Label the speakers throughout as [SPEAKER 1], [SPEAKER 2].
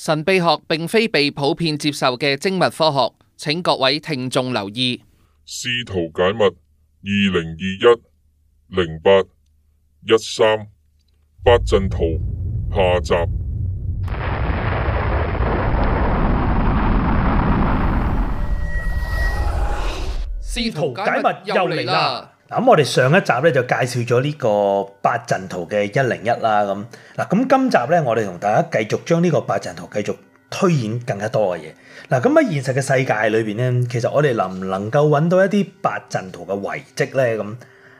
[SPEAKER 1] 神秘學並非被普遍接受嘅精密科學，請各位聽眾留意。師徒解密二零二一零八一三八陣圖下集。
[SPEAKER 2] 師徒解密又嚟啦！嗱，咁我哋上一集咧就介紹咗呢個八陣圖嘅一零一啦，咁嗱，咁今集咧我哋同大家繼續將呢個八陣圖繼續推演更加多嘅嘢。嗱，咁喺現實嘅世界裏邊咧，其實我哋能唔能夠揾到一啲八陣圖嘅遺跡咧？咁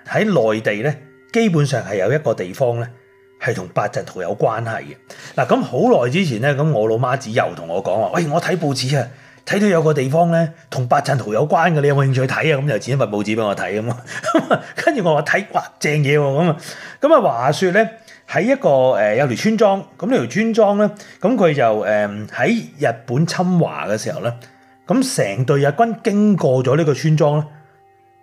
[SPEAKER 2] 喺內地咧，基本上係有一個地方咧係同八陣圖有關係嘅。嗱，咁好耐之前咧，咁我老媽子又同我講話，喂，我睇報紙啊！睇到有個地方咧，同八陣圖有關嘅，你有冇興趣睇啊？咁就剪一份報紙俾我睇咁啊。跟 住我話睇，哇，正嘢喎！咁啊，咁啊話說咧，喺一個誒、呃、有條村莊，咁呢條村莊咧，咁佢就誒喺、呃、日本侵華嘅時候咧，咁成隊日軍經過咗呢個村莊咧。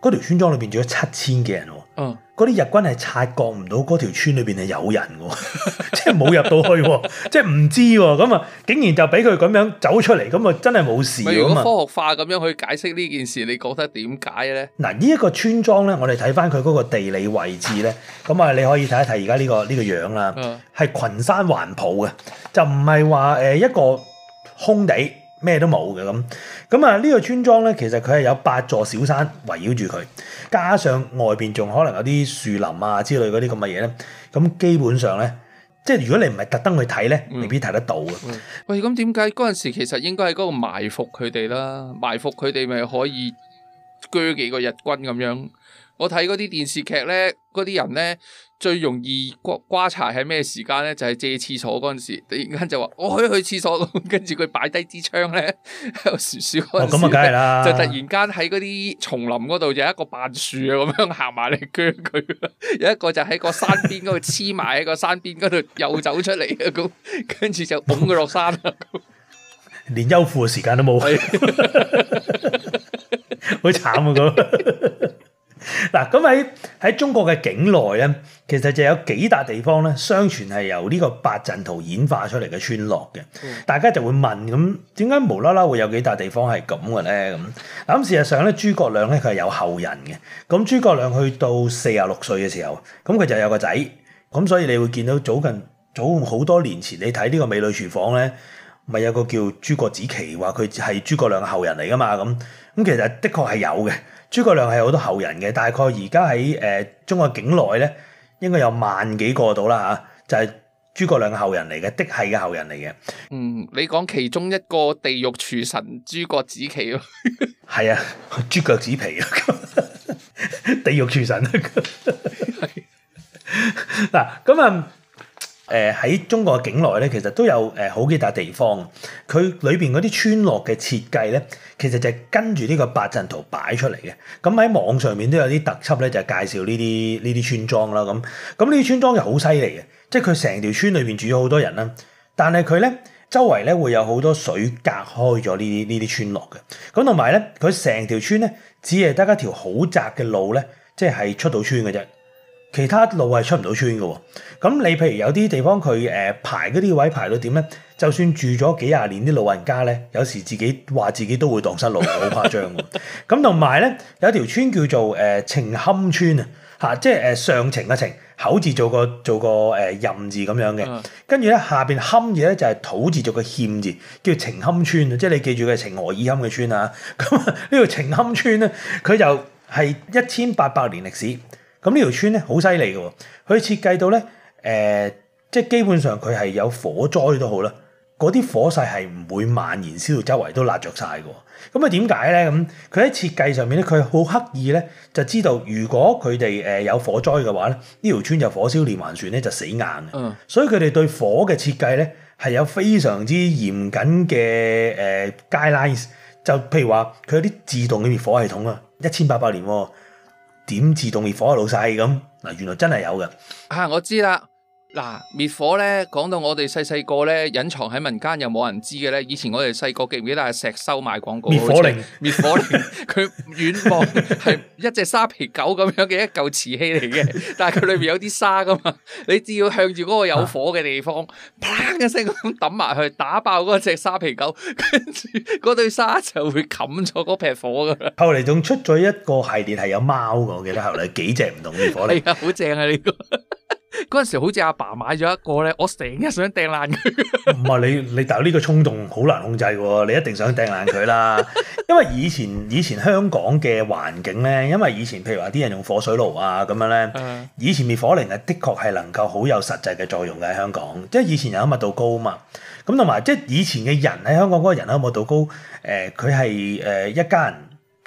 [SPEAKER 2] 嗰條村莊裏邊仲有七千幾人、喔，嗰啲、嗯、日軍係察覺唔到嗰條村裏邊係有人嘅、喔， 即係冇入到去、喔， 即係唔知、喔，咁啊，竟然就俾佢咁樣走出嚟，咁啊真係冇事咁。科
[SPEAKER 1] 學化咁樣去解釋呢件事，你覺得點解咧？
[SPEAKER 2] 嗱、啊，呢、這、一個村莊咧，我哋睇翻佢嗰個地理位置咧，咁啊，你可以睇一睇而家呢個呢、這個樣啦，係群、嗯、山環抱嘅，就唔係話誒一個空地。咩都冇嘅咁，咁啊呢個村莊咧，其實佢係有八座小山圍繞住佢，加上外邊仲可能有啲樹林啊之類嗰啲咁嘅嘢咧，咁基本上咧，即係如果你唔係特登去睇咧，未必睇得到
[SPEAKER 1] 嘅。嗯嗯、喂，咁點解嗰陣時其實應該喺嗰度埋伏佢哋啦？埋伏佢哋咪可以鋸幾個日軍咁樣？我睇嗰啲電視劇咧，嗰啲人咧。最容易刮瓜柴係咩時間咧？就係、是、借廁所嗰陣時，突然間就話我去去廁所，呵呵跟住佢擺低支槍咧，喺個樹樹嗰陣時，候時候，哦、就突然間喺嗰啲叢林嗰度，有一個扮樹啊咁樣行埋嚟僵佢，有一個就喺個山邊嗰度黐埋喺個山邊嗰度又走出嚟啊，咁跟住就捧佢落山啦，呵
[SPEAKER 2] 呵 連休褲嘅時間都冇，好慘啊！咁。嗱，咁喺喺中國嘅境內咧，其實就有幾笪地方咧，相傳係由呢個八陣圖演化出嚟嘅村落嘅。大家就會問咁，點解無啦啦會有幾笪地方係咁嘅咧？咁、嗯、咁、嗯、事實上咧，諸葛亮咧佢係有後人嘅。咁諸葛亮去到四十六歲嘅時候，咁佢就有個仔。咁所以你會見到早近早好多年前，你睇呢個美女廚房咧，咪有個叫諸葛梓琪話佢係諸葛亮嘅後人嚟噶嘛？咁咁其實的確係有嘅。諸葛亮係好多後人嘅，大概而家喺誒中國境內咧，應該有萬幾個度啦吓，就係、是、諸葛亮嘅後人嚟嘅，的係嘅後人嚟嘅。嗯，
[SPEAKER 1] 你講其中一個地獄廚神諸葛紫棋咯，
[SPEAKER 2] 係 啊，豬腳紫皮， 地獄廚廚神。嗱，咁啊。 誒喺中國境內咧，其實都有誒好幾笪地方，佢裏邊嗰啲村落嘅設計咧，其實就係跟住呢個八陣圖擺出嚟嘅。咁喺網上面都有啲特輯咧，就係介紹呢啲呢啲村莊啦。咁咁呢啲村莊又好犀利嘅，即係佢成條村裏邊住咗好多人啦。但係佢咧周圍咧會有好多水隔開咗呢啲呢啲村落嘅。咁同埋咧，佢成條村咧只係得一條好窄嘅路咧，即係出到村嘅啫。其他路係出唔到村嘅喎、哦，咁你譬如有啲地方佢誒排嗰啲位排到點咧？就算住咗幾廿年啲老人家咧，有時自己話自己都會蕩失路，好誇張嘅。咁同埋咧，有條村叫做誒呈坎村啊，嚇，即係誒上呈嘅呈，口字做個做個誒、呃、壬字咁樣嘅， 跟住咧下邊坎字咧就係、是、土字做個欠字，叫呈坎村啊，即係你記住佢係情何以堪嘅村啊。咁 呢個呈坎村咧，佢就係一千八百年歷史。咁呢條村咧好犀利嘅，佢設計到咧，誒、呃，即係基本上佢係有火災都好啦，嗰啲火勢係唔會蔓延燒到周圍都焫着晒嘅。咁啊點解咧？咁佢喺設計上面咧，佢好刻意咧，就知道如果佢哋誒有火災嘅話咧，呢條村就火燒連環船咧就死硬嘅。嗯，所以佢哋對火嘅設計咧係有非常之嚴謹嘅誒 guidelines。呃、就譬如話，佢有啲自動嘅滅火系統啊，一千八百年。點自動滅火啊老細咁？嗱，原來真係有嘅
[SPEAKER 1] 吓，啊，我知啦。嗱，滅火咧，講到我哋細細個咧，隱藏喺民間又冇人知嘅咧。以前我哋細個記唔記得係石收買廣告？滅火靈，滅像 火靈，佢遠望係一隻沙皮狗咁樣嘅一嚿瓷器嚟嘅，但係佢裏邊有啲沙噶嘛。你只要向住嗰個有火嘅地方，砰一聲咁抌埋去，打爆嗰隻沙皮狗，跟住嗰堆沙就會冚咗嗰撇火噶啦。後嚟
[SPEAKER 2] 仲出咗一個系列貓，係有貓嘅，我記得後嚟幾隻唔同嘅滅火靈，
[SPEAKER 1] 係啊、 哎，好正啊呢個。 嗰陣時好似阿爸，爸買咗一個咧，我成日想掟爛佢。
[SPEAKER 2] 唔係你你，但係呢個衝動好難控制喎，你一定想掟爛佢啦。因為以前以前香港嘅環境咧，因為以前譬如話啲人用火水爐啊咁樣咧，以前滅火靈係的確係能夠好有實際嘅作用嘅喺香港。即係以前人口密度高啊嘛，咁同埋即係以前嘅人喺香港嗰個人口密度高，誒佢係誒一家人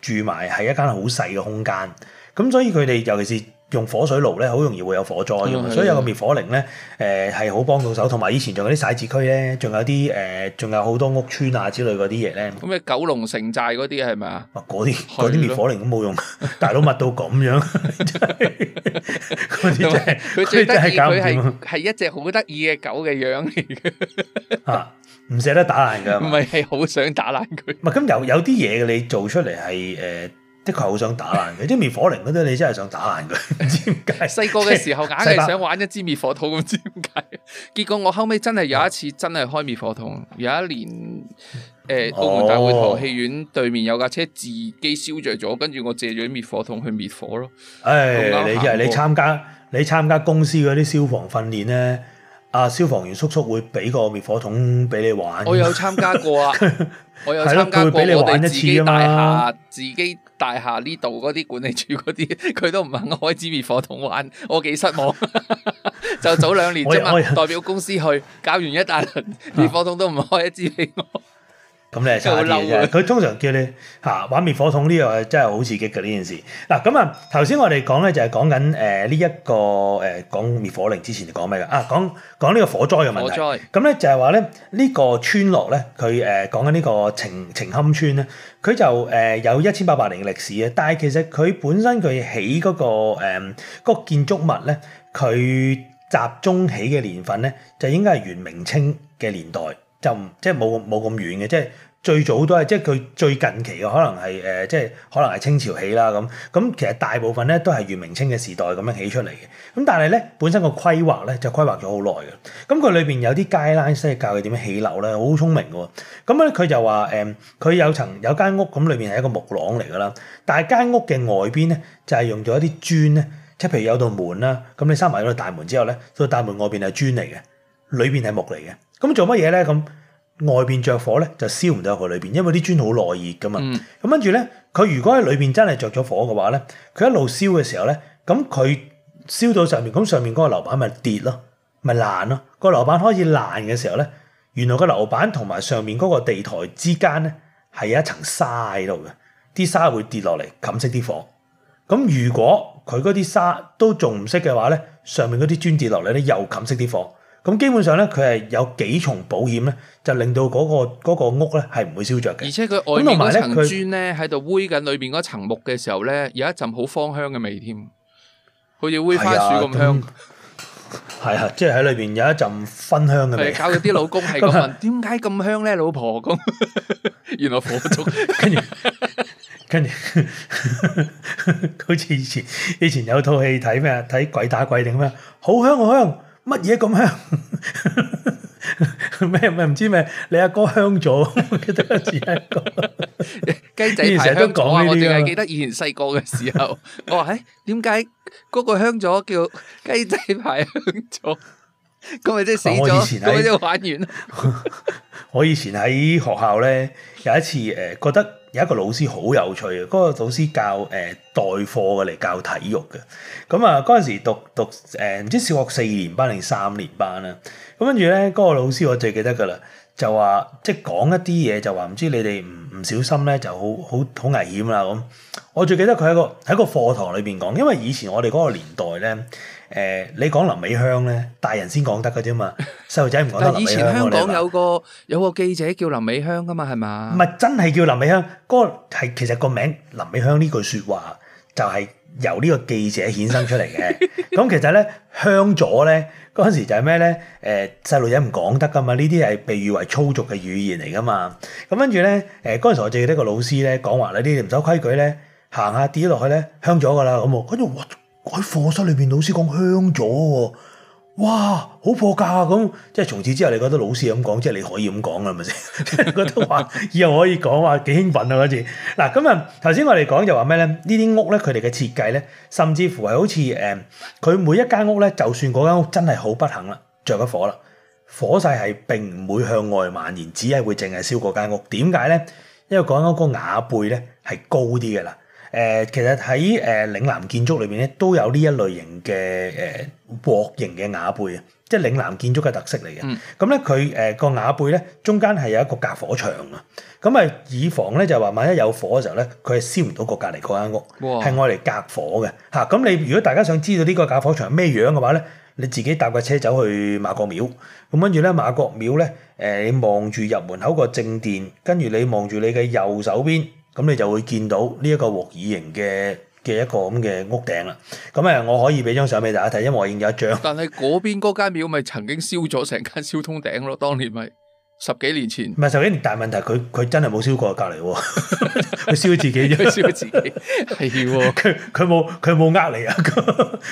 [SPEAKER 2] 住埋係一間好細嘅空間，咁所以佢哋尤其是。用火水爐咧，好容易會有火災噶嘛，嗯、所以有個滅火靈咧，誒係好幫到手。同埋以前仲有啲徙置區咧，仲有啲誒，仲有好多屋邨啊之類嗰啲嘢咧。
[SPEAKER 1] 咁咩九龍城寨嗰啲係咪啊？嗰
[SPEAKER 2] 啲啲滅火靈都冇用， 大佬密到咁樣，
[SPEAKER 1] 啲 真係的佢 最得意係是一隻好得意嘅狗嘅樣嚟嘅。
[SPEAKER 2] 嚇！唔捨得打爛㗎，唔係係好想打爛佢。唔係咁 有有啲嘢你做出嚟係誒。呃的確係好想打爛嘅，即係 滅火靈嗰啲，你真係想打爛佢，唔知
[SPEAKER 1] 點解。細個嘅時候，硬係想玩一支滅火筒，咁知點解？結果我後尾真係有一次，真係開滅火筒。啊、有一年，誒、呃，哦、澳門大會堂戲院對面有架車自己燒着咗，跟住我借咗啲滅火筒去滅火咯。誒、哎，你即係你參
[SPEAKER 2] 加你參加公司嗰啲消防訓練咧。啊！消防員叔叔會俾個滅火筒俾你玩。我有參加過啊，
[SPEAKER 1] 我有參加過。我哋自己大廈、 自己大廈呢度嗰啲管理處嗰啲，佢都唔肯開支滅火筒玩，我幾失望。 就早兩年啫嘛， 我代表公司去，搞完一大輪滅 火筒都唔開一支俾我.。 咁你係差啲佢
[SPEAKER 2] 通常叫你吓、 啊、玩滅火筒呢、這、樣、個，真係好刺激嘅呢件事。嗱咁啊，頭先我哋講咧就係、是、講緊誒呢一個誒講滅火靈之前就講咩嘅啊？講講呢個火災嘅問題。咁咧災就係話咧呢個村落咧，佢誒講緊呢個呈呈坎村咧，佢就誒有一千八百年嘅歷史啊。但係其實佢本身佢起嗰個誒、呃那個建築物咧，佢集中起嘅年份咧，就應該係元明清嘅年代。就唔即係冇冇咁遠嘅，即係最早都係即係佢最近期嘅可能係誒、呃，即係可能係清朝起啦咁。咁其實大部分咧都係元明清嘅時代咁樣起出嚟嘅。咁但係咧本身個規劃咧就規劃咗好耐嘅。咁佢裏邊有啲街坊即係教佢點樣起樓咧，好聰明㗎喎。咁咧佢就話誒，佢、呃、有層有間屋咁，裏邊係一個木廊嚟㗎啦。但係間屋嘅外邊咧就係用咗一啲磚咧，即係譬如有道門啦，咁你閂埋嗰道大門之後咧，嗰道大門外邊係磚嚟嘅，裏邊係木嚟嘅。咁做乜嘢咧？咁外邊着火咧，就燒唔到去裏邊，因為啲磚好耐熱噶嘛。咁、嗯、跟住咧，佢如果喺裏邊真係着咗火嘅話咧，佢一路燒嘅時候咧，咁佢燒到上面，咁上面嗰個樓板咪跌咯，咪爛咯。個樓板開始爛嘅時候咧，原來個樓板同埋上面嗰個地台之間咧係有一層沙喺度嘅，啲沙會跌落嚟冚熄啲火。咁如果佢嗰啲沙都仲唔熄嘅話咧，上面嗰啲磚跌落嚟咧又冚熄啲火。咁基本上咧，佢係有幾重保險咧，就令到嗰個嗰個屋咧係唔會燒著嘅。而且佢外邊嗰層磚
[SPEAKER 1] 咧喺度煨緊裏邊嗰層木嘅時候咧，有一陣好芳香嘅味添，好似煨番薯咁香。
[SPEAKER 2] 係啊，即係喺裏邊有一陣芬香嘅味，搞到啲老公係咁問：
[SPEAKER 1] 點解咁香咧？老婆公，原來火燭。跟住，跟住，
[SPEAKER 2] 好似以前以前有套戲睇咩啊？睇鬼打鬼定咩？好香好香。乜嘢咁香？咩咩唔知咩？你阿哥香咗，記得只一個
[SPEAKER 1] 雞仔排香咗啊！我仲係記得以前細個嘅時候，我話誒，點解嗰個香咗叫雞仔牌香咗？咁咪即係死咗？咁咪即玩完？我
[SPEAKER 2] 以前喺學校咧，有一次誒，覺得。有一個老師好有趣嘅，嗰、那個老師教誒、呃、代課嘅嚟教體育嘅，咁啊嗰陣時讀讀誒唔知小學四年班定三年班啦，咁跟住咧嗰個老師我最記得嘅啦，就話即係講一啲嘢就話唔知你哋唔唔小心咧就好好好危險啦咁，我最記得佢喺個喺個課堂裏邊講，因為以前我哋嗰個年代咧。誒、呃，你講林美香咧，大人先講得噶啫嘛，細路仔唔講得。林美香以前香港有
[SPEAKER 1] 個 有個記者叫林美香噶嘛，係嘛？唔
[SPEAKER 2] 係，真係叫林美香。嗰、那個係其實個名林美香呢句說話就係由呢個記者衍生出嚟嘅。咁、 嗯、其實咧，香咗咧嗰陣時就係咩咧？誒、呃，細路仔唔講得噶嘛？呢啲係被譽為粗俗嘅語言嚟噶嘛？咁跟住咧，誒嗰陣時我記得個老師咧講話你呢唔守規矩咧，行下跌落去咧，香咗噶啦，咁跟住我。啊啊啊啊喺課室裏邊，老師講香咗，哇，好破格啊！咁即係從此之後，你覺得老師咁講，即係你可以咁講啦，係咪先？覺得話以後可以講話幾興奮啊嗰次。嗱、啊，咁日頭先我哋講就話咩咧？呢啲屋咧，佢哋嘅設計咧，甚至乎係好似誒，佢、呃、每一間屋咧，就算嗰間屋真係好不幸啦，着咗火啦，火勢係並唔會向外蔓延，只係會淨係燒嗰間屋。點解咧？因為嗰間屋個瓦背咧係高啲嘅啦。誒，其實喺誒嶺南建築裏邊咧，都有呢一類型嘅誒鑊形嘅瓦背啊，即係嶺南建築嘅特色嚟嘅。咁咧、嗯，佢誒個瓦背咧，中間係有一個隔火牆啊。咁啊，以防咧就話，萬一有火嘅時候咧，佢係燒唔到過隔離嗰間屋，係我哋隔火嘅嚇。咁、啊、你如果大家想知道呢個隔火牆係咩樣嘅話咧，你自己搭架車走去媽閣廟，咁跟住咧媽閣廟咧，誒你望住入門口個正殿，跟住你望住你嘅右手邊。咁你就會見到呢一個鑊耳
[SPEAKER 1] 型嘅嘅一個咁嘅屋頂啦。咁誒，我可以俾張相俾大家睇，因為我影咗一張。但係嗰邊嗰間廟咪曾經燒咗成間燒通頂咯，當年咪十幾年前。
[SPEAKER 2] 唔係十幾年，大問題，佢佢真係冇燒過隔離喎。佢 燒，自己， 燒自己，佢燒、哦、自己係喎。佢佢冇佢冇呃你啊。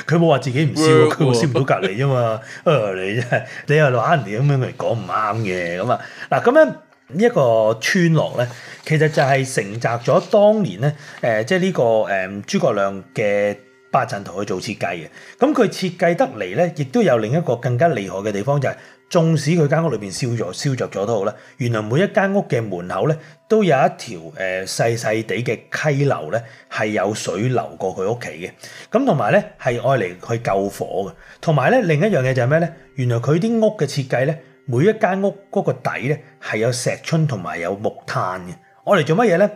[SPEAKER 2] 佢冇話自己唔燒，佢、哦、燒唔到隔離啫嘛。呃 你啫，你又話人哋咁樣嚟講唔啱嘅咁啊。嗱咁樣。呢一個村落咧，其實就係承襲咗當年咧，誒、呃，即係呢、這個誒、呃、諸葛亮嘅八陣圖去做設計嘅。咁佢設計得嚟咧，亦都有另一個更加厲害嘅地方，就係、是、縱使佢間屋裏邊燒著燒著咗都好啦，原來每一間屋嘅門口咧，都有一條誒細細地嘅溪流咧，係有水流過佢屋企嘅。咁同埋咧，係愛嚟去救火嘅。同埋咧，另一樣嘢就係咩咧？原來佢啲屋嘅設計咧。每一間屋嗰個底咧，係有石春同埋有木炭嘅，我嚟做乜嘢咧？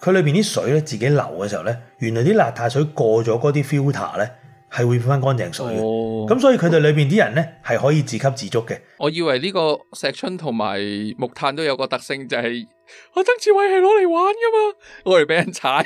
[SPEAKER 2] 佢裏邊啲水咧，自己流嘅時候咧，原來啲邋遢水過咗嗰啲 filter 咧係會變翻乾淨水嘅，咁、哦、所以佢哋裏邊啲人咧係可以自給自足嘅。
[SPEAKER 1] 我以為呢個石春同埋木炭都有個特性就係、是。我曾志偉係攞嚟玩噶嘛，攞嚟俾人踩。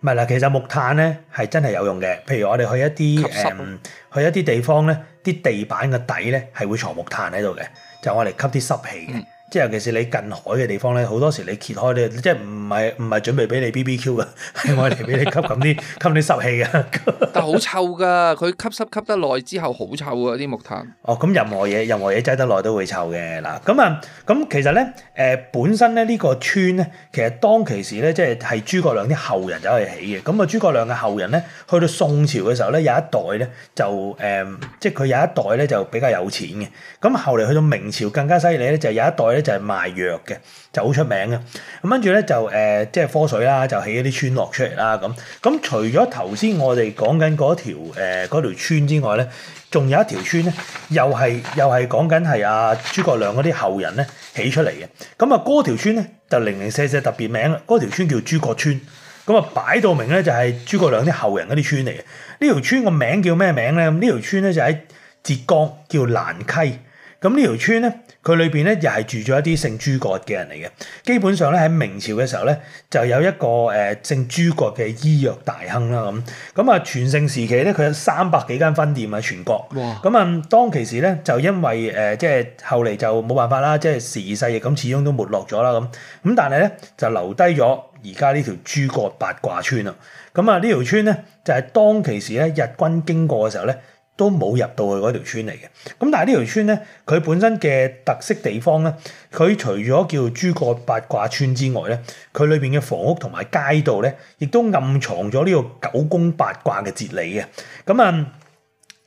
[SPEAKER 2] 唔係嗱，其實木炭咧係真係有用嘅，譬如我哋去一啲誒濕、嗯，去一啲地方咧，啲地板嘅底咧係會藏木炭喺度嘅，就我哋吸啲濕氣嘅。嗯即係尤其是你近海嘅地方咧，好多時你揭開咧，即係唔係唔係準備俾你 BBQ 嘅，係 我哋俾你吸咁啲 吸啲濕氣嘅。
[SPEAKER 1] 但好臭噶，佢吸濕吸得耐之後好臭啊！啲木炭。
[SPEAKER 2] 哦，咁任何嘢任何嘢擠得耐都會臭嘅嗱。咁啊，咁其實咧，誒、呃、本身咧呢、呢個村咧，其實當其時咧即係係諸葛亮啲後人走去起嘅。咁啊諸葛亮嘅後人咧，去到宋朝嘅時候咧，有一代咧就誒、呃，即係佢有一代咧就比較有錢嘅。咁後嚟去到明朝更加犀利咧，就係、有一代，咧就係賣藥嘅、呃，就好出名嘅。咁跟住咧就誒，即係科水啦，就起一啲村落出嚟啦咁。咁除咗頭先我哋講緊嗰條誒、嗰條、村之外咧，仲有一條村咧，又係又係講緊係阿諸葛亮嗰啲後人咧起出嚟嘅。咁啊，嗰條村咧就零零舍舍特別名啦。嗰條村叫諸葛、這個、村。咁啊，擺到明咧就係諸葛亮啲後人嗰啲村嚟嘅。呢條村個名叫咩名咧？咁呢條村咧就喺浙江叫蘭溪。咁呢條村咧，佢裏邊咧又係住咗一啲姓諸葛嘅人嚟嘅。基本上咧喺明朝嘅時候咧，就有一個誒、呃、姓諸葛嘅醫藥大亨啦。咁咁啊，全盛時期咧，佢有三百幾間分店啊，全國。咁啊哇，當其時咧就因為誒、呃、即係後嚟就冇辦法啦，即係時移世易咁，始終都沒落咗啦。咁咁但係咧就留低咗而家呢條諸葛八卦村啊。咁啊呢條村咧就係、是、當其時咧日軍經過嘅時候咧，都冇入到去嗰條村嚟嘅，咁但係呢條村咧，佢本身嘅特色地方咧，佢除咗叫諸葛八卦村之外咧，佢裏邊嘅房屋同埋街道咧，亦都暗藏咗呢個九宮八卦嘅哲理嘅。咁、嗯、啊，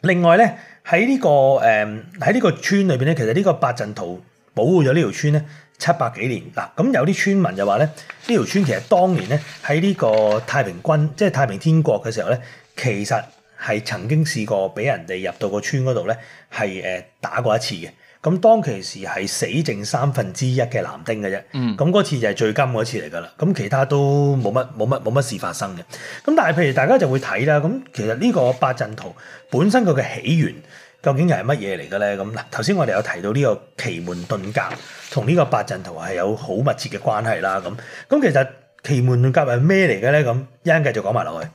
[SPEAKER 2] 另外咧喺呢、這個誒喺呢個村裏邊咧，其實呢個八陣圖保護咗呢條村咧七百幾年。嗱，咁有啲村民就話咧，呢條村其實當年咧喺呢個太平軍即係太平天國嘅時候咧，其實。係曾經試過俾人哋入到個村嗰度咧，係誒、呃、打過一次嘅。咁當其時係死剩三分之一嘅男丁嘅啫。咁嗰、嗯、次就係最金嗰次嚟噶啦。咁其他都冇乜冇乜冇乜事發生嘅。咁但係譬如大家就會睇啦。咁其實呢個八陣圖本身佢嘅起源究竟係乜嘢嚟嘅咧？咁嗱，頭先我哋有提到呢個奇門遁甲同呢個八陣圖係有好密切嘅關係啦。咁咁其實奇門遁甲係咩嚟嘅咧？咁一陣繼續講埋落去。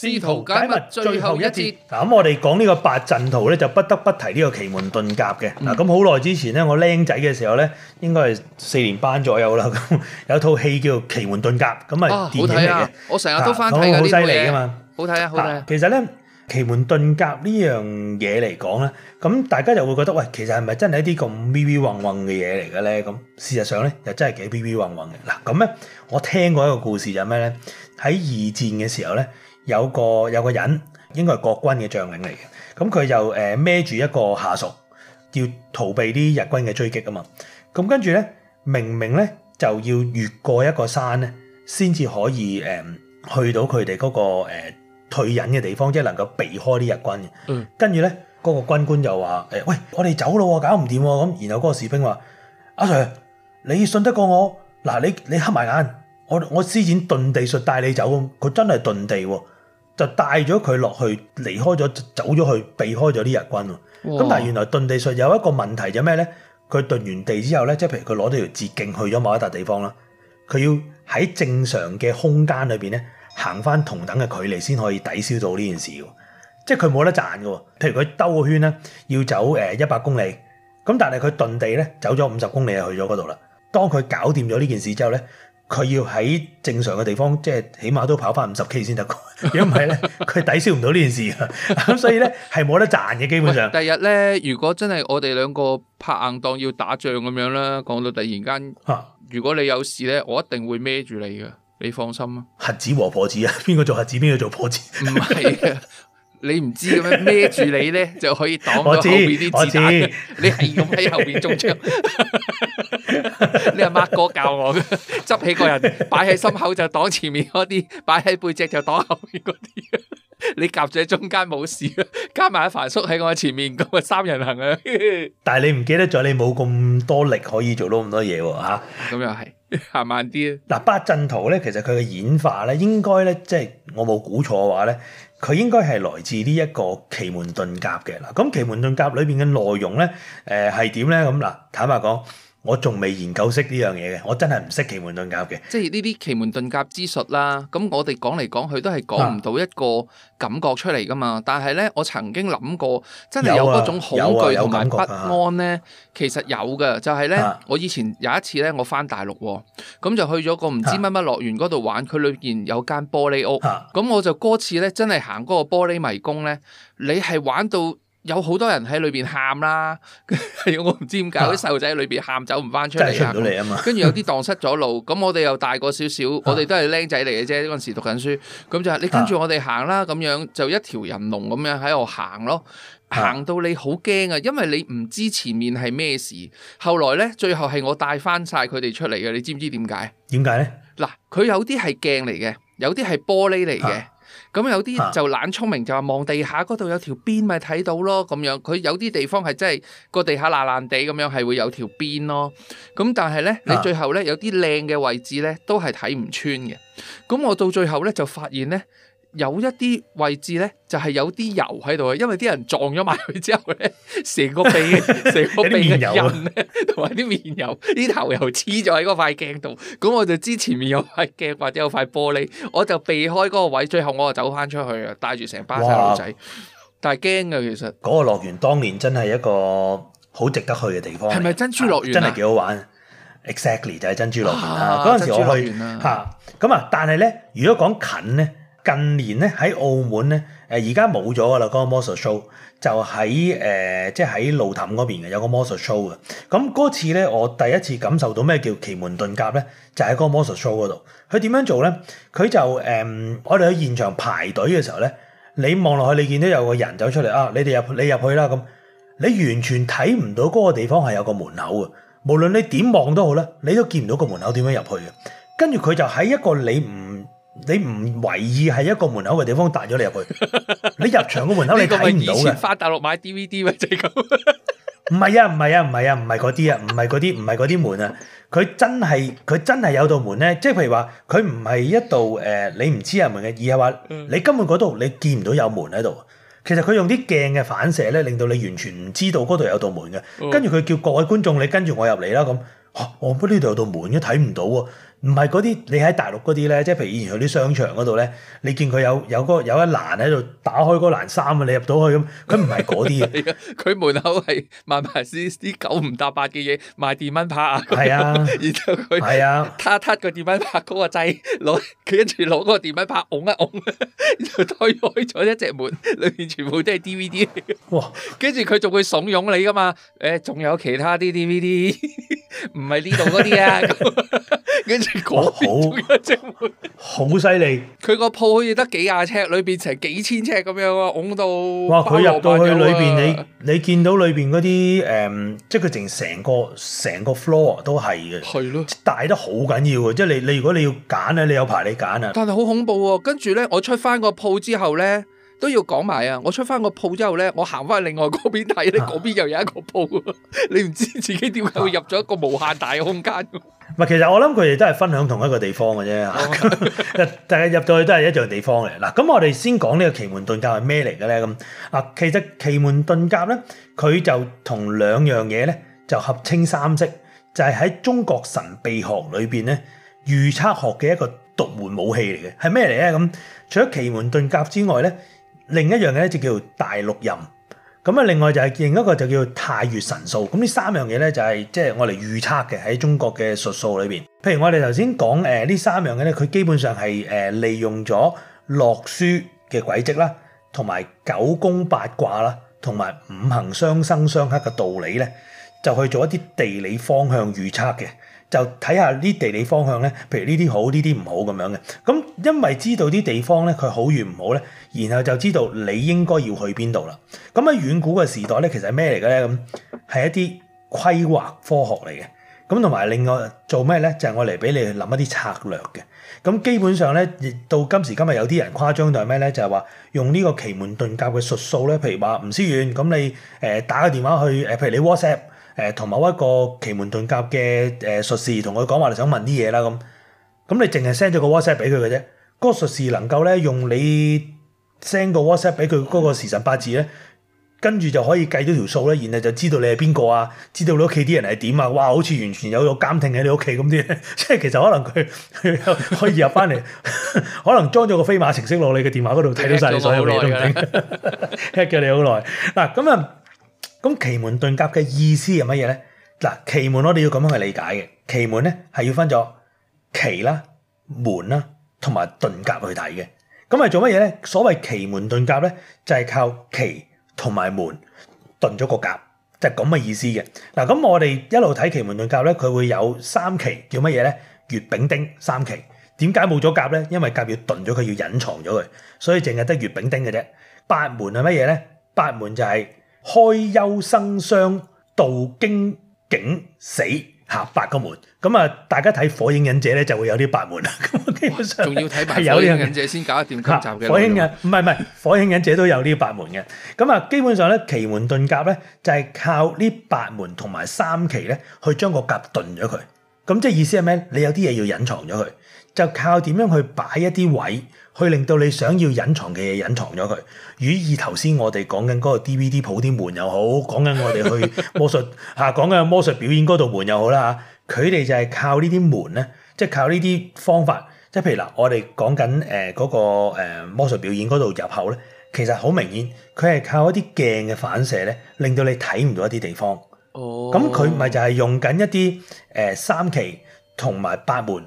[SPEAKER 2] 司徒解密最後一節嗱，咁、嗯、我哋講呢個八陣圖咧，就不得不提呢個奇門遁甲嘅嗱。咁好耐之前咧，我僆仔嘅時候咧，應該係四年班左右啦。咁有套戲叫《奇門遁甲》，咁啊電影嚟嘅。我成日都翻睇嗰啲嘢，講得好犀利啊嘛！
[SPEAKER 1] 好睇啊，好睇。
[SPEAKER 2] 其實咧，奇門遁甲呢樣嘢嚟講咧，咁大家就會覺得喂，其實係咪真係啲咁 B B 混混嘅嘢嚟嘅咧？咁、啊、事實上咧，就真係幾 B B 混混嘅嗱。咁咧，我聽過一個故事就係咩咧？喺二戰嘅時候咧。呢有個有個人應該係國軍嘅將領嚟嘅，咁佢就誒孭住一個下屬，要逃避啲日軍嘅追擊啊嘛。咁跟住咧，明明咧就要越過一個山咧，先至可以誒去到佢哋嗰個誒退隱嘅地方，即係能夠避開啲日軍。嗯，跟住咧嗰個軍官又話誒：喂，我哋走咯，搞唔掂。咁然後嗰個士兵話：阿 Sir，你信得過我？嗱，你你黑埋眼。我我施展遁地術帶你走，佢真係遁地，就帶咗佢落去，離開咗，走咗去，避開咗啲日軍。咁、哦、但係原來遁地術有一個問題就咩咧？佢遁完地之後咧，即係譬如佢攞咗條捷徑去咗某一笪地方啦，佢要喺正常嘅空間裏邊咧行翻同等嘅距離先可以抵消到呢件事。即係佢冇得賺噶。譬如佢兜個圈啦，要走誒一百公里，咁但係佢遁地咧走咗五十公里就去咗嗰度啦。當佢搞掂咗呢件事之後咧。佢要喺正常嘅地方，即係起碼都跑翻五十 K 先得嘅，如果唔係咧，佢抵消唔到呢件事嘅，咁 所以咧係冇得賺嘅，基本上。
[SPEAKER 1] 第日咧，如果真係我哋兩個拍硬檔要打仗咁樣啦，講到突然間，啊、如果你有事咧，我一定會孭住你嘅，你放心啊。核
[SPEAKER 2] 子和破子啊，邊個做核子邊個做破子？唔係嘅。
[SPEAKER 1] 你唔知咁樣孭住你咧，就可以擋到後邊啲子彈。你係咁喺後邊中槍。 你阿 Mark 哥教我嘅，執起個人擺喺心口就擋前面嗰啲，擺喺背脊就擋後邊嗰啲。 你夾住喺中間冇事啊！加埋阿凡叔喺我前面，咁啊三人行啊！ 但
[SPEAKER 2] 係你唔記得咗，你冇咁多力可以做到咁多嘢喎。咁又係行慢啲。嗱，八陣圖咧，其實佢嘅演化咧，應該咧，即係我冇估錯嘅話咧。佢應該係來自呢一個奇門遁甲嘅啦，咁奇門遁甲裏邊嘅內容咧，誒
[SPEAKER 1] 係點咧？咁嗱，坦白講。我仲未研究識呢樣嘢嘅，我真係唔識奇門遁甲嘅。即係呢啲奇門遁甲之術啦，咁我哋講嚟講去都係講唔到一個感覺出嚟㗎嘛。啊、但係呢，我曾經諗過，真係有嗰種恐懼同埋不安呢。啊、其實有嘅。就係、是、呢。啊、我以前有一次呢，我翻大陸喎，咁、嗯、就去咗個唔知乜乜樂園嗰度玩，佢裏邊有間玻璃屋，咁、啊、我就嗰次呢，真係行嗰個玻璃迷宮呢，你係玩到。有好多人喺裏邊喊啦，係 我唔知點解啲細路仔喺裏邊喊，走唔翻出嚟啊！跟住有啲蕩失咗路，咁我哋又大過少少，我哋都係僆仔嚟嘅啫，嗰陣時讀緊書，咁就你跟住我哋行啦，咁、啊、樣就一條人龍咁樣喺度行咯，行到你好驚啊，因為你唔知前面係咩事。後來呢，最後係我帶翻晒佢哋出嚟嘅，你知唔知點解？點解？嗱，佢有啲係鏡嚟嘅，有啲係玻璃嚟嘅。啊咁有啲就懶聰明，就話，望地下嗰度有條邊，咪睇到咯，咁樣，佢有啲地方係真係個地下爛爛地咁樣，係會有條邊咯。咁但係咧，啊、你最後咧有啲靚嘅位置咧都係睇唔穿嘅。咁我到最後咧就發現咧。有一啲位置咧，就係、是、有啲油喺度，因為啲人撞咗埋去之後咧，成個鼻、成個鼻嘅 印咧，同埋啲面油、啲頭油黐咗喺嗰塊鏡度。咁我就知前面有塊鏡或者有塊玻璃，我就避開嗰個位。最後我就走翻出去啊，帶住成班細路仔。哇但係驚噶，其
[SPEAKER 2] 實嗰個樂園當年真係一個好值得去嘅地方。係咪珍珠樂園、啊啊？真係幾好玩。Exactly 就係珍珠樂園啦。嗰陣時我去吓，咁啊，啊，但係咧，如果講近咧。近年咧喺澳門咧，誒而家冇咗噶啦，嗰、那個魔術 show 就喺誒、呃、即係喺路氹嗰邊嘅有個魔術 show 嘅。咁嗰次咧，我第一次感受到咩叫奇門遁甲咧，就喺、是、嗰個魔術 show 嗰度。佢點樣做咧？佢就誒、呃，我哋喺現場排隊嘅時候咧，你望落去，你見到有個人走出嚟啊，你哋入你入去啦咁。你完全睇唔到嗰個地方係有個門口嘅，無論你點望都好啦，你都見唔到個門口點樣入去嘅。跟住佢就喺一個你唔～你唔為意係一個門口嘅地方彈咗你入去？你入場個門口你睇唔到嘅。呢個
[SPEAKER 1] 返大陸買 DVD 咪即係咁。
[SPEAKER 2] 唔係啊，唔係啊，唔係啊，唔係嗰啲啊，唔係嗰啲，唔係嗰啲門啊。佢真係佢真係有道門咧，即係譬如話佢唔係一度誒、呃，你唔知有門嘅，而係話你根本嗰度你見唔到有門喺度。其實佢用啲鏡嘅反射咧，令到你完全唔知道嗰度有道門嘅。跟住佢叫各位觀眾你跟住我入嚟啦咁。我唔知呢度有道門嘅，睇唔到喎、啊。唔係嗰啲，你喺大陸嗰啲咧，即係譬如以前有啲商場嗰度咧，你見佢有有個有一欄喺度打開嗰欄衫嘅，你入到去咁，佢唔係嗰啲嚟
[SPEAKER 1] 嘅，佢門口係賣埋啲啲九唔搭八嘅嘢，賣電蚊拍啊，係啊踏踏，然後佢係啊，撻撻個電蚊拍嗰個掣，攞，佢跟住攞嗰個電蚊拍擁一擁，然後推開咗一隻門，裏面全部都係 DVD。哇！跟住佢仲會慫恿你噶嘛？誒、哎，仲有其他啲 DVD，唔係呢度嗰啲啊，跟 嗰邊仲有隻、 哦、好犀利！佢個鋪好似得 幾廿尺，裏邊成幾千尺咁樣啊，拱到哇！佢入到去裏邊， 你
[SPEAKER 2] 你見到裏邊嗰啲誒，即係佢整成個成個 floor 都係嘅，係咯的，大得好緊要嘅，即係你你如果你要揀咧，你有排你揀啊！但
[SPEAKER 1] 係好恐怖喎，跟住呢，我出翻個鋪之後呢，都要講埋啊！我出翻個鋪之後呢，我行翻另外嗰邊睇呢，嗰邊又有一個鋪，啊、 你唔知自己點解會入咗一個無限大嘅空間。
[SPEAKER 2] 唔係，其實我諗佢哋都係分享同一個地方嘅啫。嚇，大家入到去都係一樣地方嚟。嗱，咁我哋先講呢個奇門遁甲係咩嚟嘅咧？咁啊，其實奇門遁甲咧，佢就同兩樣嘢咧，就合稱三式，就係喺中國神秘學裏邊咧，預測學嘅一個獨門武器嚟嘅，係咩嚟咧？咁除咗奇門遁甲之外咧，另一樣咧就叫大六壬。另外就係另一個就叫太乙神數。咁呢三樣嘢咧，就係即係我哋預測嘅喺中國嘅術數裏面。譬如我哋頭先講誒，呢三樣嘢咧，佢基本上係利用咗洛書嘅軌跡啦，同埋九宮八卦啦，同埋五行相生相克嘅道理咧，就去做一啲地理方向預測嘅。就睇下啲地理方向咧，譬如呢啲好，呢啲唔好咁樣嘅。咁因為知道啲地方咧，佢好與唔好咧，然後就知道你應該要去邊度啦。咁喺遠古嘅時代咧，其實係咩嚟嘅咧？咁係一啲規劃科學嚟嘅。咁同埋另外做咩咧？就係我嚟俾你諗一啲策略嘅。咁基本上咧，到今時今日有啲人誇張就係咩咧？就係、是、話用呢個奇門遁甲嘅術數咧，譬如話吳思遠，咁你誒、呃、打個電話去誒，譬如你 WhatsApp。誒同某一個奇門遁甲嘅誒術士同佢講話，你想問啲嘢啦咁。咁你淨係 send 咗個 WhatsApp 俾佢嘅啫。嗰個術士能夠咧，用你 send 個 WhatsApp 俾佢嗰個時辰八字咧，跟住就可以計咗條數咧，然後就知道你係邊個啊，知道你屋企啲人係點啊？哇！好似完全有個監聽喺你屋企咁啲，即係其實可能佢可以入翻嚟， 可能裝咗個飛馬程式落你嘅電話嗰度睇到晒你所有監聽，hack 咗你好耐。嗱咁啊～咁奇門遁甲嘅意思係乜嘢呢？嗱，奇門我哋要咁樣去理解嘅，奇門呢係要分咗奇啦、門啦同埋遁甲去睇嘅。咁係做乜嘢呢？所謂奇門遁甲呢，就係靠奇同埋門遁咗個甲，就係咁嘅意思嘅。嗱、啊，咁我哋一路睇奇門遁甲呢，佢會有三奇叫乜嘢呢？月丙丁三奇，點解冇咗甲呢？因為甲要遁咗，佢要隱藏咗佢，所以淨係得月丙丁嘅啫。八門係乜嘢呢？八門就係。開休生傷道驚境死合法個門，咁啊，大家睇、 啊，《火影忍者》咧就會有呢八
[SPEAKER 1] 門啦。基本上，仲要睇《火影忍者》先搞得掂。吓，火影嘅
[SPEAKER 2] 唔係唔係《火影忍者》都有呢八門嘅。咁啊，基本上咧奇門遁甲咧就係靠呢八門同埋三奇咧去將個甲遁咗佢。咁即係意思係咩？你有啲嘢要隱藏咗佢，就靠點樣去擺一啲位。去令到你想要隱藏嘅嘢隱藏咗佢。如以頭先我哋講緊嗰個 D.V.D. 鋪啲門又好，講緊 我哋去魔術嚇，講緊、 啊、魔術表演嗰度門又好啦嚇。佢哋就係靠呢啲門咧，即係靠呢啲方法，即係譬如嗱，我哋講緊誒嗰個魔術表演嗰度入口咧，其實好明顯，佢係靠一啲鏡嘅反射咧，令到你睇唔到一啲地方。哦、oh.，咁佢咪就係用緊一啲誒三奇同埋八門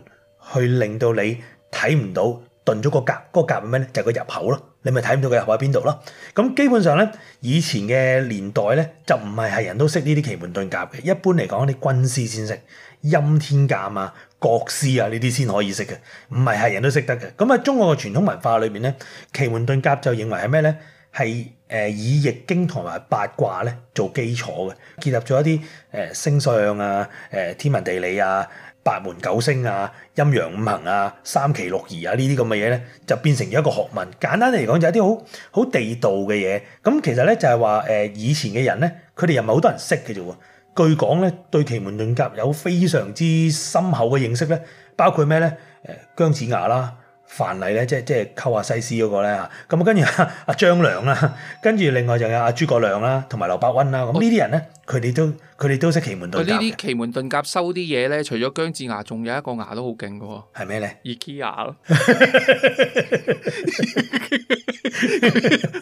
[SPEAKER 2] 去令到你睇唔到。遁咗個甲，嗰、那個甲係咩咧？就係、是、個入口咯，你咪睇唔到佢入口喺邊度咯。咁基本上咧，以前嘅年代咧，就唔係係人都識呢啲奇門遁甲嘅。一般嚟講，啲軍師先識欽天監啊、國師啊呢啲先可以識嘅，唔係係人都識得嘅。咁喺中國嘅傳統文化裏面咧，奇門遁甲就認為係咩咧？係誒以易經同埋八卦咧做基礎嘅，結合咗一啲誒星相啊、誒天文地理啊。八門九星啊、陰陽五行啊、三奇六儀啊呢啲咁嘅嘢咧，就變成咗一個學問。簡單嚟講，就係啲好好地道嘅嘢。咁其實咧，就係話誒以前嘅人咧，佢哋又唔係好多人識嘅啫喎。據講咧，對奇門遁甲有非常之深厚嘅認識咧，包括咩咧？誒，姜子牙啦。范蠡咧，即係即係溝阿西施嗰個咧嚇，咁跟住阿張良啦，跟住另外就有阿諸葛亮啦，同埋劉伯温啦，咁呢啲人咧，佢哋都佢哋都識奇門遁甲。嗰啲
[SPEAKER 1] 奇門遁甲收啲嘢咧，除咗姜子牙，仲有一個牙都好勁嘅喎。係咩咧？IKEA 咯，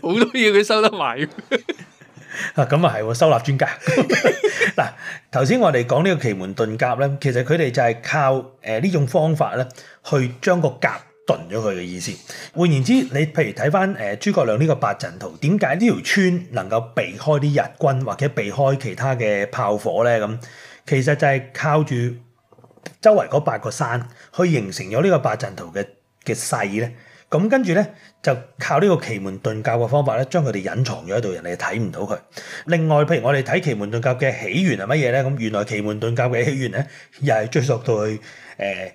[SPEAKER 1] 好多嘢佢收得埋。
[SPEAKER 2] 啊，咁啊係，收納專家。嗱，頭先我哋講呢個奇門遁甲咧，其實佢哋就係靠誒呢種方法咧，去將個甲。頓咗佢嘅意思，換言之，你譬如睇翻，誒，諸葛亮呢個八陣圖，點解呢條村能夠避開啲日軍或者避開其他嘅炮火咧？咁其實就係靠住周圍嗰八個山去形成咗呢個八陣圖嘅嘅勢咧。咁跟住咧就靠呢個奇門遁甲嘅方法咧，將佢哋隱藏咗喺度，人哋睇唔到佢。另外，譬如我哋睇奇門遁甲嘅起源係乜嘢咧？咁原來奇門遁甲嘅起源咧，又係追溯到去誒、呃、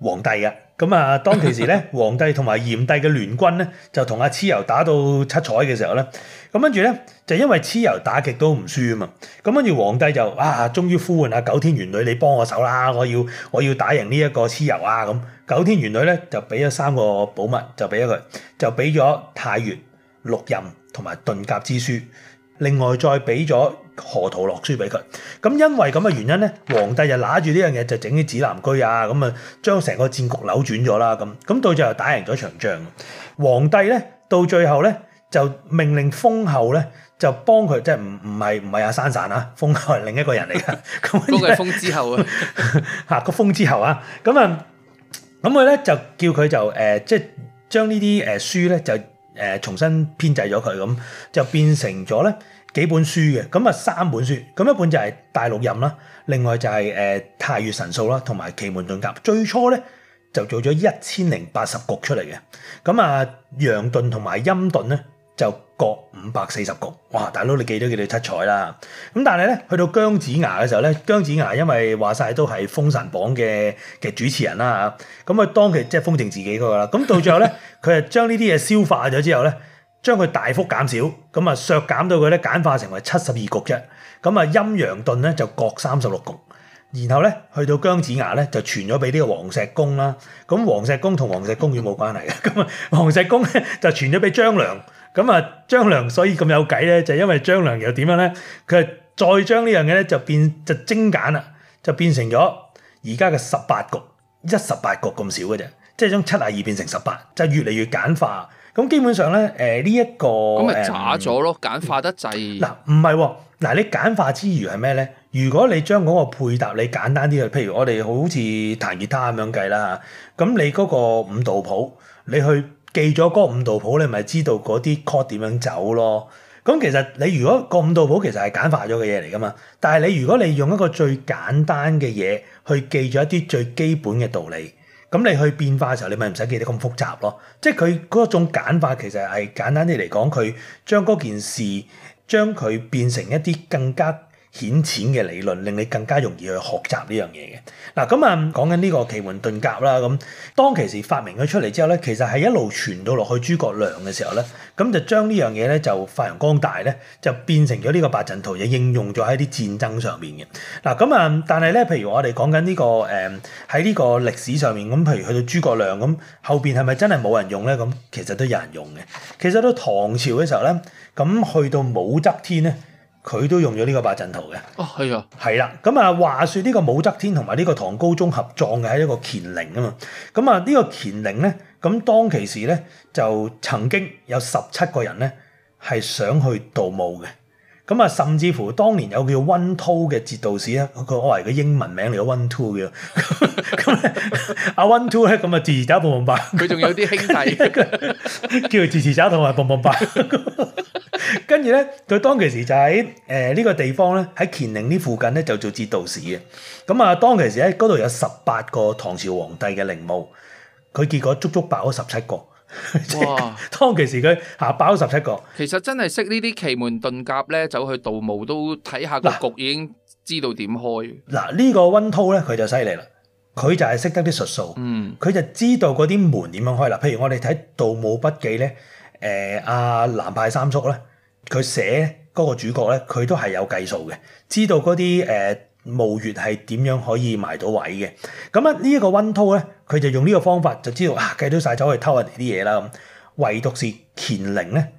[SPEAKER 2] 黃帝噶。咁啊，當其時咧，皇帝同埋炎帝嘅聯軍咧，就同阿蚩尤打到七彩嘅時候咧，咁跟住咧就因為蚩尤打極都唔輸啊嘛，咁跟住皇帝就啊，終於呼喚啊，九天玄女你幫我手啦，我要我要打贏呢一個蚩尤啊咁，九天玄女咧就俾咗三個寶物，就俾咗佢，就俾咗太原、六壬同埋遁甲之書，另外再俾咗，河圖洛書俾佢，咁因為咁嘅原因咧，皇帝就揦住呢樣嘢就整啲指南居啊，咁啊將成個戰局扭轉咗啦，咁咁到最後打贏咗場仗。皇帝咧到最後咧就命令風后咧就幫佢，即係唔唔係唔係阿山散啊，風后係另一個人嚟嘅。 封嘅、 啊、封之後啊，吓，個封之後啊，咁啊咁佢咧就叫佢就誒即係將呢啲誒書咧就誒、呃、重新編制咗佢咁，就變成咗咧。呢幾本書嘅，咁啊三本書，咁一本就係大六壬啦，另外就係、是、誒、呃、太乙神數啦，同埋奇門遁甲。最初咧就做咗一千零八十局出嚟嘅，咁、嗯、啊陽遁同埋陰遁咧就各五百四十局。哇！大佬你記咗幾多七彩啦？咁但係咧去到姜子牙嘅時候咧，姜子牙因為話晒都係封神榜嘅嘅主持人啦嚇，咁啊當其即係封正自己噶啦，咁到最後咧佢係將呢啲嘢消化咗之後咧。將佢大幅減少，咁啊削減到佢咧簡化成為七十二局啫。咁啊陰陽遁咧就各三十六局，然後咧去到姜子牙咧就傳咗俾呢個黃石公啦。咁黃石公同黃石公園冇關係嘅。咁啊黃石公咧就傳咗俾張良。咁啊張良所以咁有計咧就係、因為張良又點樣咧？佢再將呢樣嘢咧就變就精簡啦，就變成咗而家嘅十八局，一十八局咁少嘅啫，即係將七十二變成十八，就越嚟越簡化。咁基本上咧，誒、呃、呢一個咁咪渣
[SPEAKER 1] 咗咯，呃嗯、簡化得滯、啊。嗱
[SPEAKER 2] 唔係喎，嗱你簡化之餘係咩咧？如果你將嗰個配搭你簡單啲去，譬如我哋好似彈吉他咁樣計啦，咁、啊、你嗰個五度譜，你去記咗嗰五度譜你咪知道嗰啲 note 點樣走咯？咁其實你如果、個五度譜其實係簡化咗嘅嘢嚟噶嘛，但係你如果你用一個最簡單嘅嘢去記咗一啲最基本嘅道理。咁你去變化嘅時候，你咪唔使記得咁複雜咯。即係佢嗰種簡化，其實係簡單啲嚟講，佢將嗰件事將佢變成一啲更加顯淺嘅理論令你更加容易去學習呢樣嘢嘅。嗱咁啊，講緊呢個奇門遁甲啦，咁當其時發明佢出嚟之後咧，其實係一路傳到落去諸葛亮嘅時候咧，咁就將呢樣嘢咧就發揚光大咧，就變成咗呢個八陣圖，就應用咗喺啲戰爭上面嘅。嗱咁啊，但係咧，譬如我哋講緊、這、呢個誒喺呢個歷史上面，咁譬如去到諸葛亮咁後邊係咪真係冇人用咧？咁其，其實都有人用嘅。其實到唐朝嘅時候咧，咁去到武則天咧。佢都用咗呢個八陣圖嘅。哦，係啊，係啦。咁啊，話説呢個武則天同埋呢個唐高宗合葬嘅喺一個乾陵啊嘛。咁啊，呢個乾陵咧，咁當其時咧就曾經有十七個人咧係想去盜墓嘅。咁啊，甚至乎當年有叫 One Two 嘅節道士啊，佢我係個英文名嚟嘅 One Two 嘅。阿 One Two 咧，咁啊，自持走步蹦蹦蹦，佢仲有啲兄弟，叫佢自持走同埋蹦蹦蹦。跟住咧，佢當其時就喺誒呢個地方咧，喺乾陵呢附近咧就做志道士嘅。咁、嗯、啊，當其時喺嗰度有十八個唐朝皇帝嘅陵墓，佢結果足足爆咗十七個。哇！當其時佢下爆咗十七個，
[SPEAKER 1] 其實真係識呢啲奇門遁甲咧，走去盜墓都睇下個局已經知道點開。
[SPEAKER 2] 嗱，呢個溫韜咧佢就犀利啦，佢、這個、就係識得啲術數，嗯，佢就知道嗰啲門點樣開啦。譬如我哋睇《盜墓筆記》呢咧、呃，誒、啊、阿南派三叔咧。佢寫嗰個主角咧，佢都係有計數嘅，知道嗰啲誒墓穴係點樣可以埋到位嘅。咁啊、這個，呢一個溫韜咧，佢就用呢個方法就知道啊，計到晒走去偷人哋啲嘢啦。咁唯獨是乾陵咧，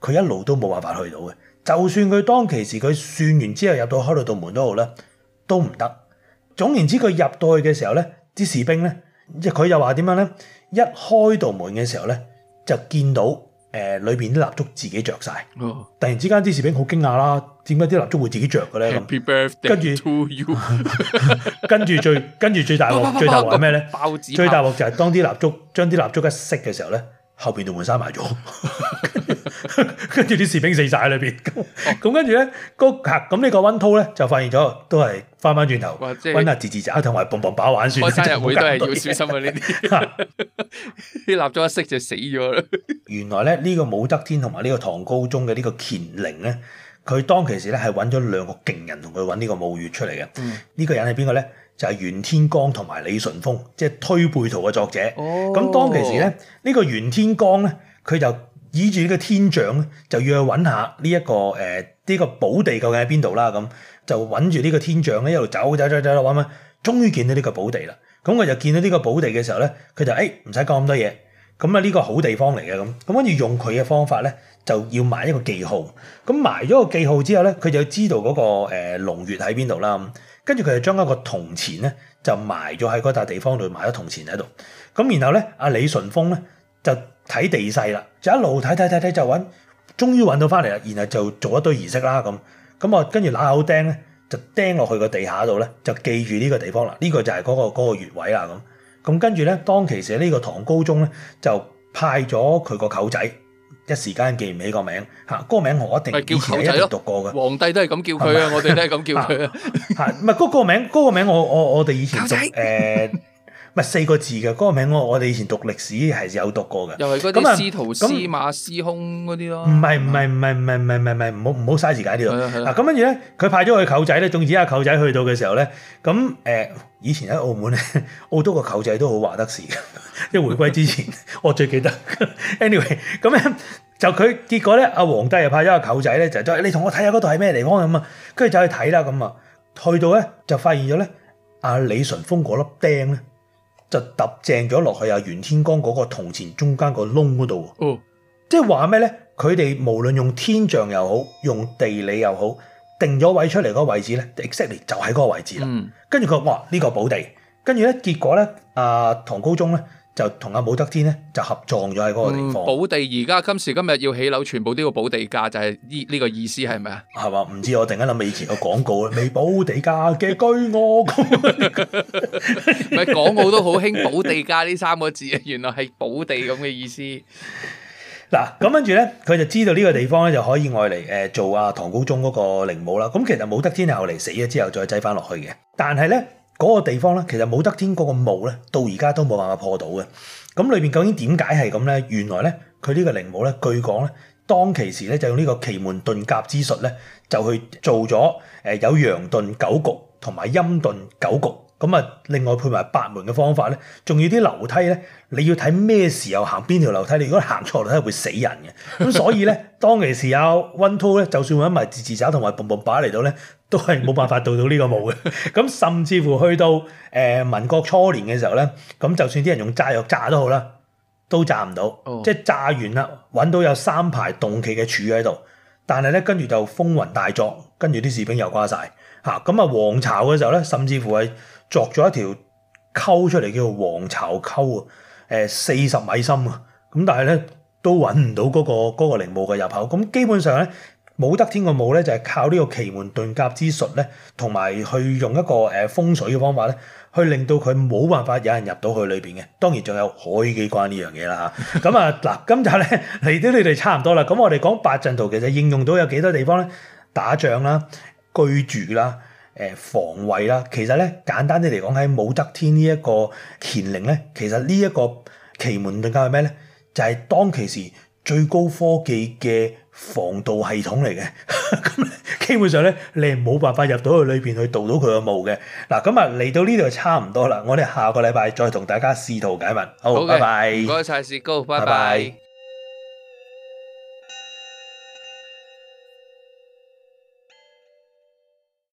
[SPEAKER 2] 佢一路都冇辦法去到嘅。就算佢當其時佢算完之後入到開到道門嗰度咧，都唔得。總言之，佢入到去嘅時候咧，啲士兵咧，即佢又話點樣咧？一開道門嘅時候咧，就見到。誒裏邊啲蠟燭自己着晒，突然之間啲士兵好驚訝啦！點解啲蠟燭會自己着嘅
[SPEAKER 1] 咧？跟住，
[SPEAKER 2] 跟住最跟住最大鑊 最大鑊係咩咧？ 最大鑊 就係當啲蠟燭將啲蠟燭一熄嘅時候咧，後邊就門閂埋咗。 跟住啲士兵死晒喺裏邊，咁跟住咧，嗰客咁呢、呢個溫濤咧就發現咗，都係翻翻轉
[SPEAKER 1] 頭溫啊，
[SPEAKER 2] 自自責同埋嘣嘣把玩算。開生日會都係要小心
[SPEAKER 1] 啊！呢啲啲蠟燭一熄就死咗啦。
[SPEAKER 2] 原來咧呢、呢個武則天同埋呢個唐高宗嘅呢個乾陵咧，佢當其時咧係揾咗兩個勁人同佢揾呢個墓穴出嚟嘅。呢、嗯、個人係邊個咧？就係、是、袁天罡同埋李淳風，即、就、係、是、推背圖嘅作者。咁當其時咧，呢個袁天罡咧，佢就。倚住呢個天象咧，就要去揾下呢、呢、一個誒呢、呃呢個寶地究竟喺邊度啦。咁就揾住呢個天象咧，一路走走走走落去，終於見到呢個寶地啦。咁佢就見到呢個寶地嘅時候咧，佢就誒唔使講咁多嘢。咁啊呢個好地方嚟嘅咁，咁跟住用佢嘅方法咧，就要埋一個記號。咁埋咗個記號之後咧，佢就知道嗰、嗰個誒、呃、龍穴喺邊度啦。跟住佢就將一個銅錢咧，就埋咗喺嗰笪地方度，埋咗銅錢喺度。咁然後咧，阿李順峰咧。就睇地勢啦，就一路睇睇睇睇就揾，終於揾到翻嚟啦，然後就做一堆儀式啦咁，咁啊跟住拿口釘咧，就釘落去個地下度咧，就記住呢個地方啦，呢個就係嗰個嗰個穴位啦咁，咁跟住咧，當其時呢個唐高宗咧就派咗佢個舅仔，一時間記唔起個名、這個名嚇，嗰個名我一定以前咧讀過嘅，皇
[SPEAKER 1] 帝都係咁叫佢啊，我哋都係咁叫佢啊，
[SPEAKER 2] 嚇唔係嗰個名嗰個名我我我哋以前誒。 咪四個字嘅嗰、嗰個名，我哋以前讀歷史係有讀過嘅。咁係司徒、司、嗯、
[SPEAKER 1] 馬、司空嗰啲咯。唔
[SPEAKER 2] 係唔係唔係唔係唔係唔係，唔好唔好嘥時間呢度。嗱咁跟住咧，佢派咗佢舅仔咧，總之阿舅仔去到嘅時候咧，咁、嗯、誒以前喺澳門咧，澳督個舅仔都好話得事。 即係回歸之前， 我最記得。Anyway，咁咧就佢結果咧，阿皇帝又派咗個舅仔咧，就話你同我睇下嗰度係咩地方啊嘛。跟住走去睇啦，咁啊去到咧就發現咗咧，阿李淳風嗰粒釘咧。就揼正咗落去啊袁天罡嗰個銅錢中間個窿嗰度，oh. 即係話咩咧？佢哋無論用天象又好，用地理又好，定咗位出嚟嗰個位置咧，exactly 就喺嗰個位置啦。跟住佢話哇，呢個寶地，跟住咧結果咧，啊、呃、唐高宗咧。就同阿武則天咧就合葬咗喺嗰個地方。寶、
[SPEAKER 1] 嗯、地而家今時今日要起樓，全部都要保地價，就係依呢個意思係咪啊？係嘛？
[SPEAKER 2] 唔知我突然諗起未以前個廣告 未保地價嘅居屋。
[SPEAKER 1] 咪 港 澳都好興保地價呢三個字啊，原來係寶地咁嘅意思。
[SPEAKER 2] 嗱， 咁跟住咧，佢就知道呢個地方咧就可以愛嚟誒做阿、啊、唐高宗嗰個陵墓啦。咁其實武則天係後嚟死咗之後，再擠翻落去嘅，但係咧。嗰個地方咧，其實武則天嗰個墓咧，到而家都冇辦法破到嘅。咁裏面究竟點解係咁咧？原來咧，佢呢個陵墓咧，據講咧，當其時咧，就用呢個奇門遁甲之術咧，就去做咗誒有陽遁九局同埋陰遁九局。咁啊，另外配埋八門嘅方法咧，仲要啲樓梯咧，你要睇咩時候行邊條樓梯。你如果行錯樓梯，會死人嘅。咁 所以咧，當其時啊，One Two 咧，就算揾埋自自走同埋蹦蹦把嚟到咧，都係冇辦法到到呢個墓嘅。咁 甚至乎去到誒、呃、民國初年嘅時候咧，咁就算啲人用炸藥炸都好啦，都炸唔到。Oh. 即係炸完啦，揾到有三排棟企嘅柱喺度，但係咧跟住就風雲大作，跟住啲士兵又瓜晒。嚇。咁啊，黃巢嘅時候咧，甚至乎係。作咗一條溝出嚟，叫做黃巢溝啊！誒、呃，四十米深啊！咁但係咧都揾唔到嗰、那個嗰、那個陵墓嘅入口。咁基本上咧，武德天嘅武咧就係靠呢個奇門遁甲之術咧，同埋去用一個誒、呃、風水嘅方法咧，去令到佢冇辦法有人入到去裏邊嘅。當然仲有海機關呢樣嘢啦嚇。咁 啊嗱，今日咧嚟到你哋差唔多啦。咁我哋講八陣圖其實應用到有幾多地方咧？打仗啦，居住啦。誒、呃、防衞啦，其實咧簡單啲嚟講，喺武則天呢一個乾陵咧，其實呢一個奇門遁甲係咩咧？就係、是、當其時最高科技嘅防盜系統嚟嘅。咁 基本上咧，你係冇辦法入到去裏邊去盜到佢嘅墓嘅。嗱，咁啊嚟到呢度就差唔多啦，我哋下個禮拜再同大家試圖解
[SPEAKER 1] 密。好，拜拜。唔該晒雪糕，拜拜。